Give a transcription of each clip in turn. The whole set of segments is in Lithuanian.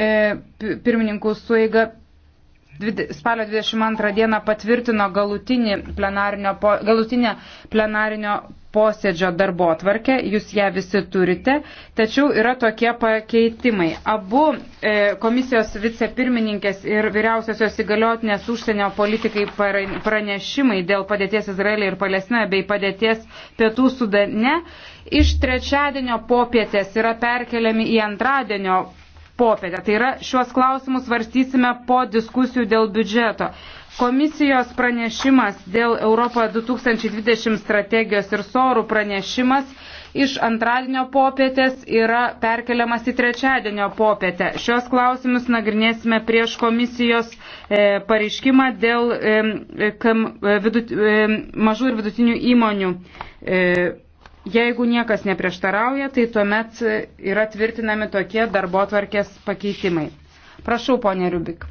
E, pirmininkų suiga spalio 22 dieną patvirtino galutinį plenarinio, galutinę plenarinio posėdžio darbo tvarkę, jūs ją visi turite, tačiau yra tokie pakeitimai. Abu e, komisijos vicepirmininkės ir vyriausiosios įgaliotinės užsienio politikai pranešimai dėl padėties Izraelį ir Palestiną bei padėties pietų sudane iš trečiadienio popietės yra perkeliami į antradienio popietę. Tai yra, šiuos klausimus varstysime po diskusijų dėl biudžeto. Komisijos pranešimas dėl Europo 2020 strategijos ir sorų pranešimas iš antradienio popietės yra perkeliamas į trečiadienio popietę. Šios klausimus nagrinėsime prieš komisijos e, pareiškimą dėl e, e kam, e, vidut, e, mažų ir vidutinių įmonių. E, Jeigu niekas neprieštarauja, tai tuomet yra tvirtinami tokie darbo tvarkės pakeitimai. Prašau, ponė Rubik.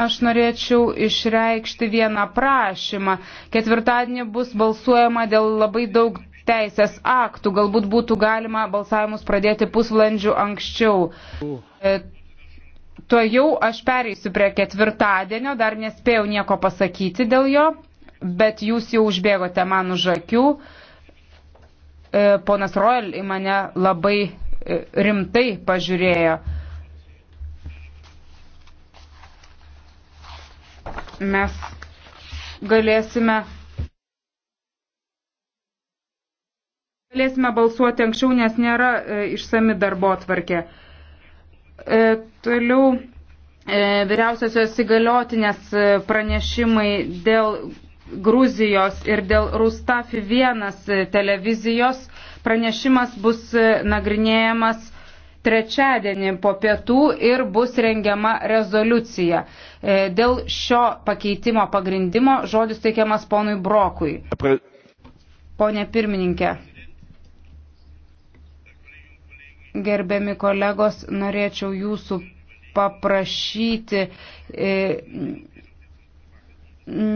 Aš norėčiau išreikšti vieną prašymą. Ketvirtadienį bus balsuojama dėl labai daug teisės aktų. Galbūt būtų galima balsavimus pradėti pusvalandžių anksčiau. E, Tuo jau aš pereisiu prie ketvirtadienio, dar nespėjau nieko pasakyti dėl jo bet jūs jau užbėgote man už akių. E, ponas Royal į mane labai e, rimtai pažiūrėjo. Mes galėsime, galėsime balsuoti anksčiau, nes nėra e, išsami darbo atvarkė. E, toliau e, vyriausiosios įgaliotinės e, pranešimai dėl Gruzijos ir dėl Rustafi 1 televizijos pranešimas bus e, nagrinėjamas trečiadienį po pietų ir bus rengiama rezoliucija. E, dėl šio pakeitimo pagrindimo žodis teikiamas ponui Brokui. Pone pirmininkė. Gerbiami kolegos, norėčiau jūsų paprašyti e,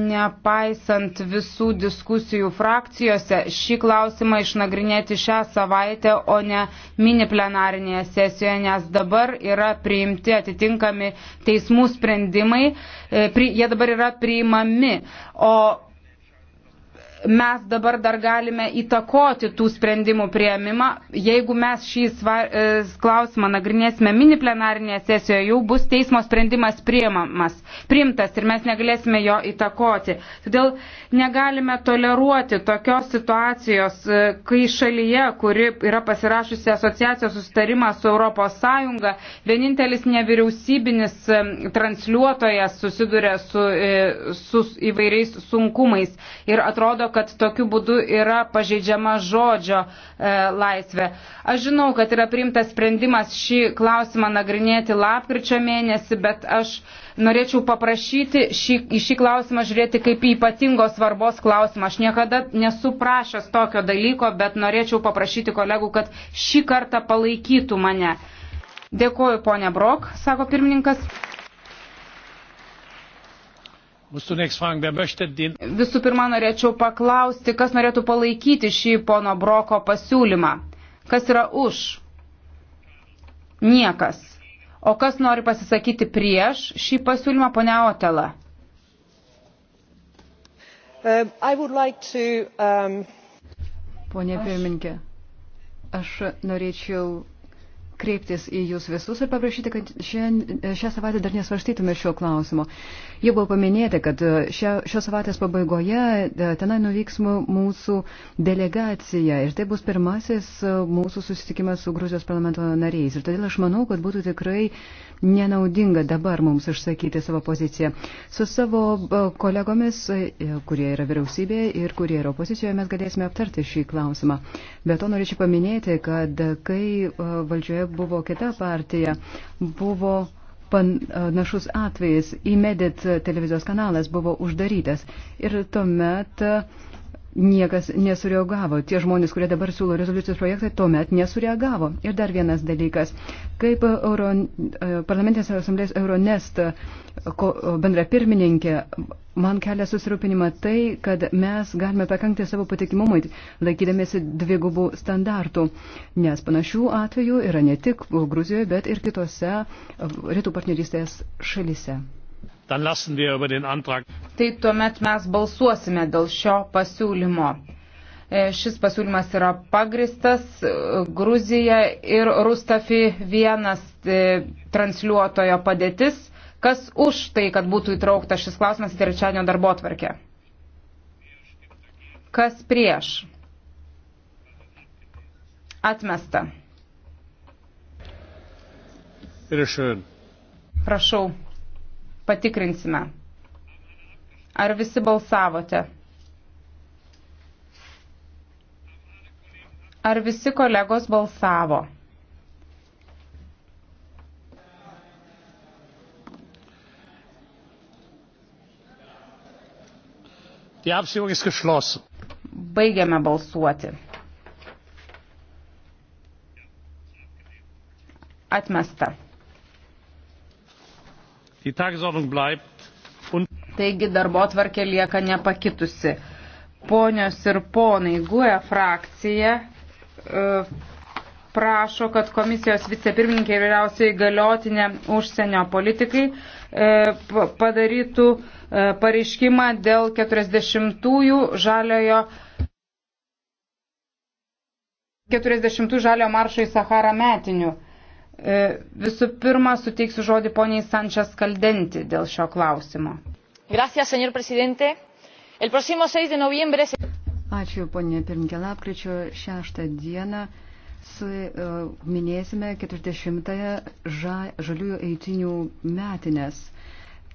nepaisant visų diskusijų frakcijose, šį klausimą išnagrinėti šią savaitę, o ne mini plenarinėje sesijoje, nes dabar yra priimti atitinkami teismų sprendimai, e, jie dabar yra priimami, o mes dabar dar galime įtakoti tų sprendimų prieimimą. Jeigu mes šį e, klausimą nagrinėsime mini plenarinėje sesijoje, jau bus teismo sprendimas priimamas, priimtas ir mes negalėsime jo įtakoti. Todėl negalime toleruoti tokios situacijos, e, kai šalyje, kuri yra pasirašusi asociacijos sustarimą su ES, vienintelis nevyriausybinis e, transliuotojas susiduria su, su įvairiais sunkumais. Ir atrodo, kad tokiu būdu yra pažeidžiama žodžio e, laisvė. Aš žinau, kad yra priimtas sprendimas šį klausimą nagrinėti lapkričio mėnesį, bet aš norėčiau paprašyti šį, į šį klausimą žiūrėti kaip į ypatingos svarbos klausimą. Aš niekada nesu prašęs tokio dalyko, bet norėčiau paprašyti kolegų, kad šį kartą palaikytų mane. Dėkuoju, ponia Brok, sako pirmininkas. Visų pirma, norėčiau paklausti, kas norėtų palaikyti šį pono Broko pasiūlymą. Kas yra už? Niekas. O kas nori pasisakyti prieš šį pasiūlymą, ponia Otela? Um, like to, um... Pone pirmininkė, aš norėčiau kreiptis į jūs visus ir paprašyti, kad šią savaitę dar nesvarstytume šio klausimo. Jau buvo paminėta, kad e, šia, šios savaitės pabaigoje e, tenai nuvyks mūsų delegacija ir tai bus pirmasis e, mūsų susitikimas su Gruzijos parlamento nariais. Ir todėl aš manau, kad būtų tikrai nenaudinga dabar mums išsakyti savo poziciją. Su savo kolegomis, kurie yra vyriausybėje ir kurie yra opozicijoje, mes galėsime aptarti šį klausimą. Be to norėčiau paminėti, kad kai valdžioje kurioje buvo kita partija, buvo panašus e, atvejis. Įmedit televizijos kanalas buvo uždarytas. Ir tuomet uh, niekas nesureagavo. Tie žmonės, kurie dabar siūlo rezoliucijos projektą, tuomet nesureagavo. Ir dar vienas dalykas. Kaip Euro, e, parlamentės asamblės Euronest e, bendra pirmininkė, man kelia susirūpinimą tai, kad mes galime pakankti savo patikimumui, laikydamėsi dvigubų standartų. Nes panašių atvejų yra ne tik Gruzijoje, bet ir kitose e, rytų partnerystės šalise. Dann lassen wir über den Antrag tai tuomet mes balsuosime dėl šio pasiūlymo. E, šis pasiūlymas yra pagristas. E, Gruzija ir Rustafi vienas e, transliuotojo padėtis. Kas už tai, kad būtų įtraukta šis klausimas į trečiadienio darbo tvarkę? Kas prieš? Atmesta. Prašau, patikrinsime. Ar visi balsavote? Ar visi kolegos balsavo? Die Abstimmung ist geschlossen. Baigiame balsuoti. Atmesta. Die Tagesordnung bleibt Taigi darbo tvarkė lieka nepakitusi. Ponios ir ponai, GUE frakcija e, prašo, kad komisijos vicepirmininkė ir vyriausiai galiotinė užsienio politikai e, padarytų e, pareiškimą dėl 40-ųjų žaliojo 40 žalio maršo į Saharą metinių. Visų pirma, suteiksiu žodį poniai Sančias Kaldenti dėl šio klausimo señor presidente el próximo seis de noviembre. ačiū ponė pirmininkė lapkričio šeštą dieną su, uh, minėsime keturiasdešimtąją ža, žaliųjų eitinių metines.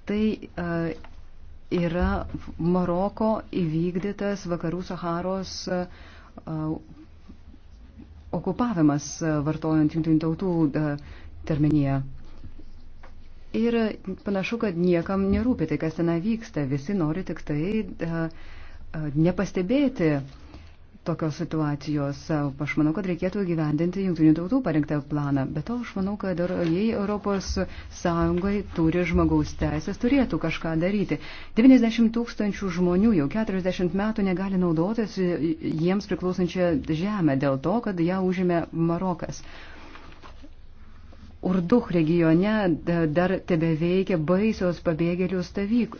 Tai uh, yra Maroko įvykdytas vakarų Saharos uh, okupavimas, uh, vartojant jungtinių tautų uh, terminiją. Ir panašu, kad niekam nerūpi tai, kas ten vyksta. Visi nori tik tai a, a, nepastebėti tokios situacijos. Aš manau, kad reikėtų gyvendinti jungtinių tautų parinktą planą. Bet to aš manau, kad jei Europos Sąjungai turi žmogaus teisės, turėtų kažką daryti. 90 tūkstančių žmonių jau 40 metų negali naudotis jiems priklausančią žemę dėl to, kad ją užėmė Marokas. Urduch regione dar tebe veikia baisios pabėgėlių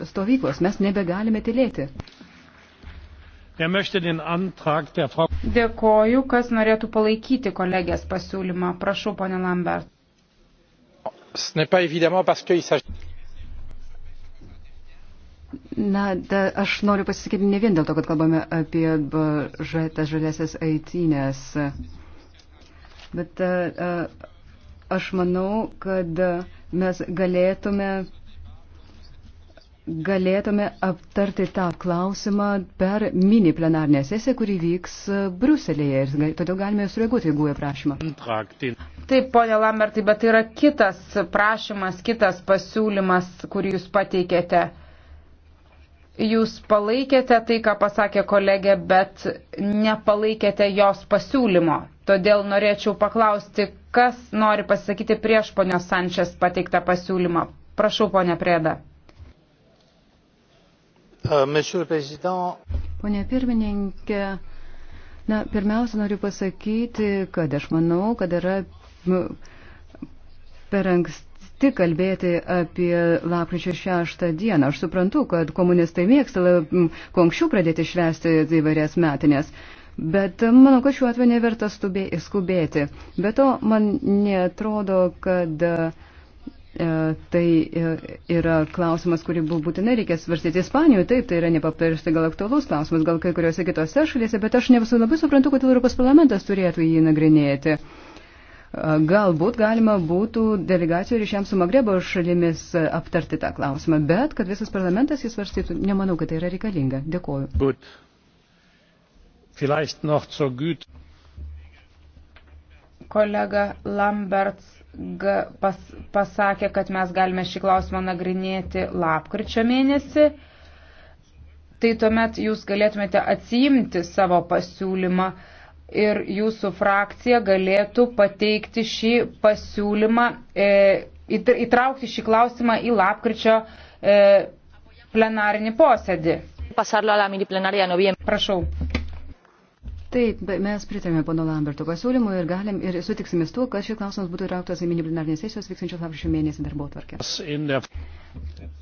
stovyklos. Mes nebegalime tylėti. Dėkoju, kas norėtų palaikyti kolegės pasiūlymą. Prašau, ponė Lambert. Na, da, aš noriu pasisakyti ne vien dėl to, kad kalbame apie tas žaliasias aitinės, bet uh, aš manau, kad mes galėtume, galėtume aptarti tą klausimą per mini plenarnę sesiją, kuri vyks Bruselėje ir todėl galime sureaguoti, jeigu jie prašymą. Taip, ponė Lambertai, bet tai yra kitas prašymas, kitas pasiūlymas, kurį jūs pateikėte jūs palaikėte tai, ką pasakė kolegė, bet nepalaikėte jos pasiūlymo. Todėl norėčiau paklausti, Kas nori pasisakyti prieš ponios Sančias pateiktą pasiūlymą? Prašau, ponė Prėda. Euh, Pone pirmininkė, na, pirmiausia noriu pasakyti, kad aš manau, kad yra per anksti kalbėti apie lapkričio šeštą dieną. Aš suprantu, kad komunistai mėgsta kuo anksčiau pradėti švęsti įvairias metinės. Bet manau, kad šiuo atveju neverta skubėti. Bet to man netrodo, kad e, tai e, yra klausimas, kurį būtinai reikia svarstyti Ispanijoje. Taip, tai yra nepaprastai gal aktualus klausimas, gal kai kuriuose kitose šalyse, bet aš ne visų labai suprantu, kad Europos parlamentas turėtų jį nagrinėti. E, galbūt galima būtų delegacijų ryšiams su Magrebo šalimis aptarti tą klausimą, bet kad visas parlamentas jį svarstytų, nemanau, kad tai yra reikalinga. Dėkuoju. But. Vielleicht noch zur Güte. Kolega Lamberts pas, pasakė, kad mes galime šį klausimą nagrinėti lapkričio mėnesį. Tai tuomet jūs galėtumėte atsiimti savo pasiūlymą ir jūsų frakcija galėtų pateikti šį pasiūlymą, e, įtraukti šį klausimą į lapkričio e, plenarinį posėdį. Prašau. Taip, mes pritarėme pono Lamberto pasiūlymui ir galim ir sutiksime su tuo, kad šis klausimas būtų įtrauktas į mini plenarnės sesijos vykstančios lapkričio mėnesį darbo tvarkę.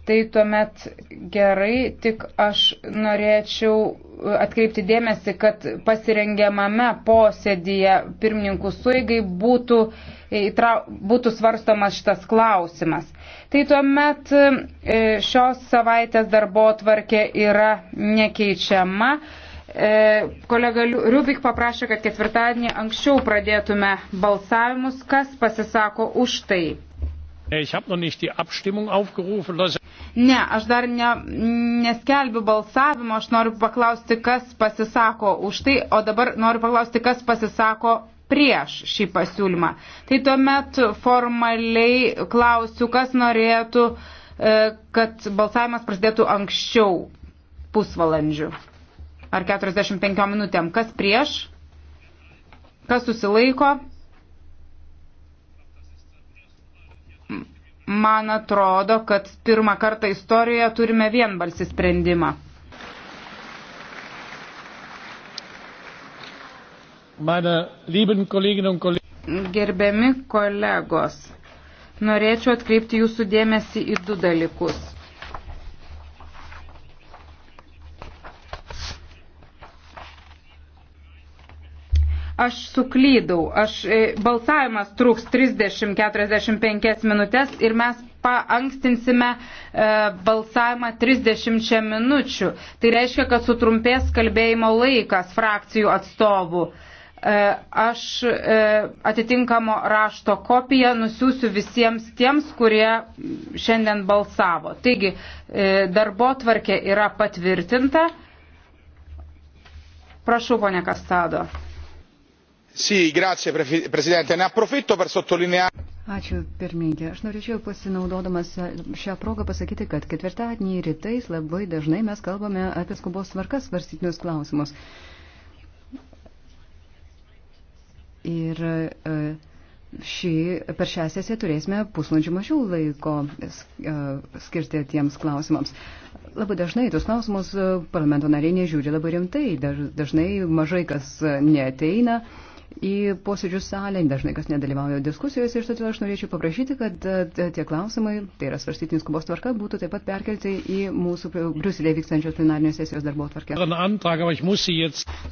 Tai tuomet gerai, tik aš norėčiau atkreipti dėmesį, kad pasirengiamame posėdėje pirmininkų suigai būtų, įtra, būtų svarstomas šitas klausimas. Tai tuomet e, šios savaitės darbo tvarkė yra nekeičiama. E, kolega Rubik paprašė, kad ketvirtadienį anksčiau pradėtume balsavimus. Kas pasisako už tai? Ne, aš dar ne, neskelbiu balsavimo, aš noriu paklausti, kas pasisako už tai, o dabar noriu paklausti, kas pasisako prieš šį pasiūlymą. Tai tuomet formaliai klausiu, kas norėtų, e, kad balsavimas prasidėtų anksčiau pusvalandžių ar 45 minutėm. Kas prieš? Kas susilaiko? Man atrodo, kad pirmą kartą istorijoje turime vienbalsį sprendimą. Gerbiami kolegos, norėčiau atkreipti jūsų dėmesį į du dalykus. aš suklydau, aš, e, balsavimas truks 30-45 minutės ir mes paankstinsime e, balsavimą 30 minučių. Tai reiškia, kad sutrumpės kalbėjimo laikas frakcijų atstovų. E, aš e, atitinkamo rašto kopiją nusiųsiu visiems tiems, kurie šiandien balsavo. Taigi, e, darbo tvarkė yra patvirtinta. Prašau, ponė Kastado signora presidente ne approfitto per sottolineare. ačiū pirmininke aš norėčiau pasinaudodamas e, šia proga pasakyti kad ketvirtadienį rytais labai dažnai mes kalbame apie skubos tvarka svarstytinus klausimus. Ir e, šį, per šią sesiją turėsime pusvalandžių mažiau laiko e, skirti tiems klausimams. Labai dažnai tos klausimus parlamento nariai nežiūri labai rimtai, dažnai mažai kas neteina į posėdžių salę, dažnai kas nedalyvauja diskusijose ir todėl aš norėčiau paprašyti, kad e, tie klausimai, tai yra svarstytinis skubos tvarka, būtų taip pat perkelti į mūsų Briuselėje vykstančios plenarinės sesijos darbo tvarkę.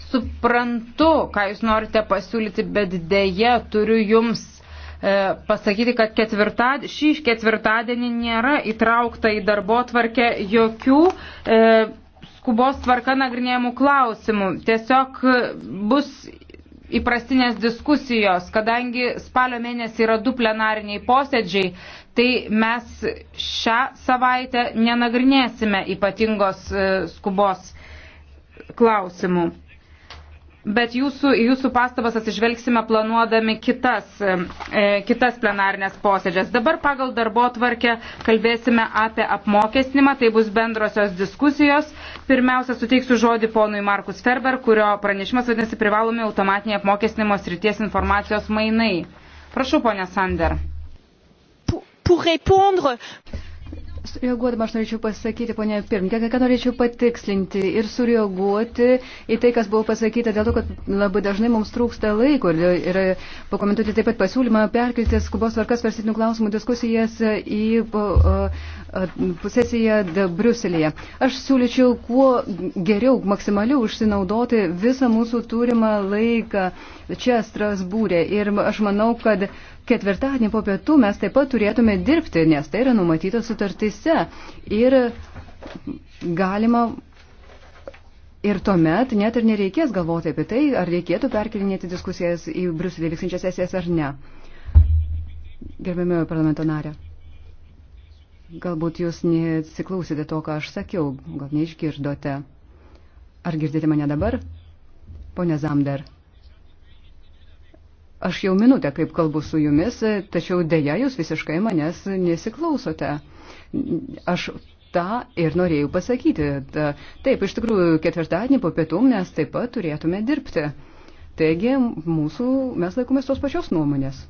Suprantu, ką jūs norite pasiūlyti, bet dėje turiu jums e, pasakyti, kad ketvirtad, šį ketvirtadienį nėra įtraukta į darbo tvarkę jokių e, skubos tvarka nagrinėjimų klausimų. Tiesiog bus įprastinės diskusijos, kadangi spalio mėnesį yra du plenariniai posėdžiai, tai mes šią savaitę nenagrinėsime ypatingos e, skubos klausimų bet jūsų, jūsų pastabas atsižvelgsime planuodami kitas, e, kitas plenarnės posėdžias. Dabar pagal darbo tvarkę kalbėsime apie apmokestinimą, tai bus bendrosios diskusijos. Pirmiausia, suteiksiu žodį ponui Markus Ferber, kurio pranešimas vadinasi privalomi automatiniai apmokestinimo srities informacijos mainai. Prašau, ponė Sander. Pour répondre Reaguodama aš norėčiau pasakyti, ponė pirmininkė, ką norėčiau patikslinti ir sureaguoti į tai, kas buvo pasakyta, dėl to, kad labai dažnai mums trūksta laiko ir, ir pakomentuoti taip pat pasiūlymą perkelti skubos tvarkas svarstytinių klausimų diskusijas į sesiją Bruselėje. Aš siūlyčiau kuo geriau, maksimaliau užsinaudoti visą mūsų turimą laiką čia Strasbūrė ir aš manau, kad ketvirtadienį po pietų mes taip pat turėtume dirbti, nes tai yra numatyta sutartys narėse ir galima Ir tuomet net ir nereikės galvoti apie tai, ar reikėtų perkelinėti diskusijas į Briuselį vyksančias sesijas ar ne. Gerbėmėjo parlamento narė. Galbūt jūs nesiklausėte to, ką aš sakiau, gal neišgirdote. Ar girdite mane dabar, ponė Zamder? Aš jau minutę kaip kalbu su jumis, tačiau dėja jūs visiškai manęs nesiklausote. Aš tą ir norėjau pasakyti. Taip, iš tikrųjų, ketvirtadienį po pietų mes taip pat turėtume dirbti. Taigi, mūsų, mes laikomės tos pačios nuomonės.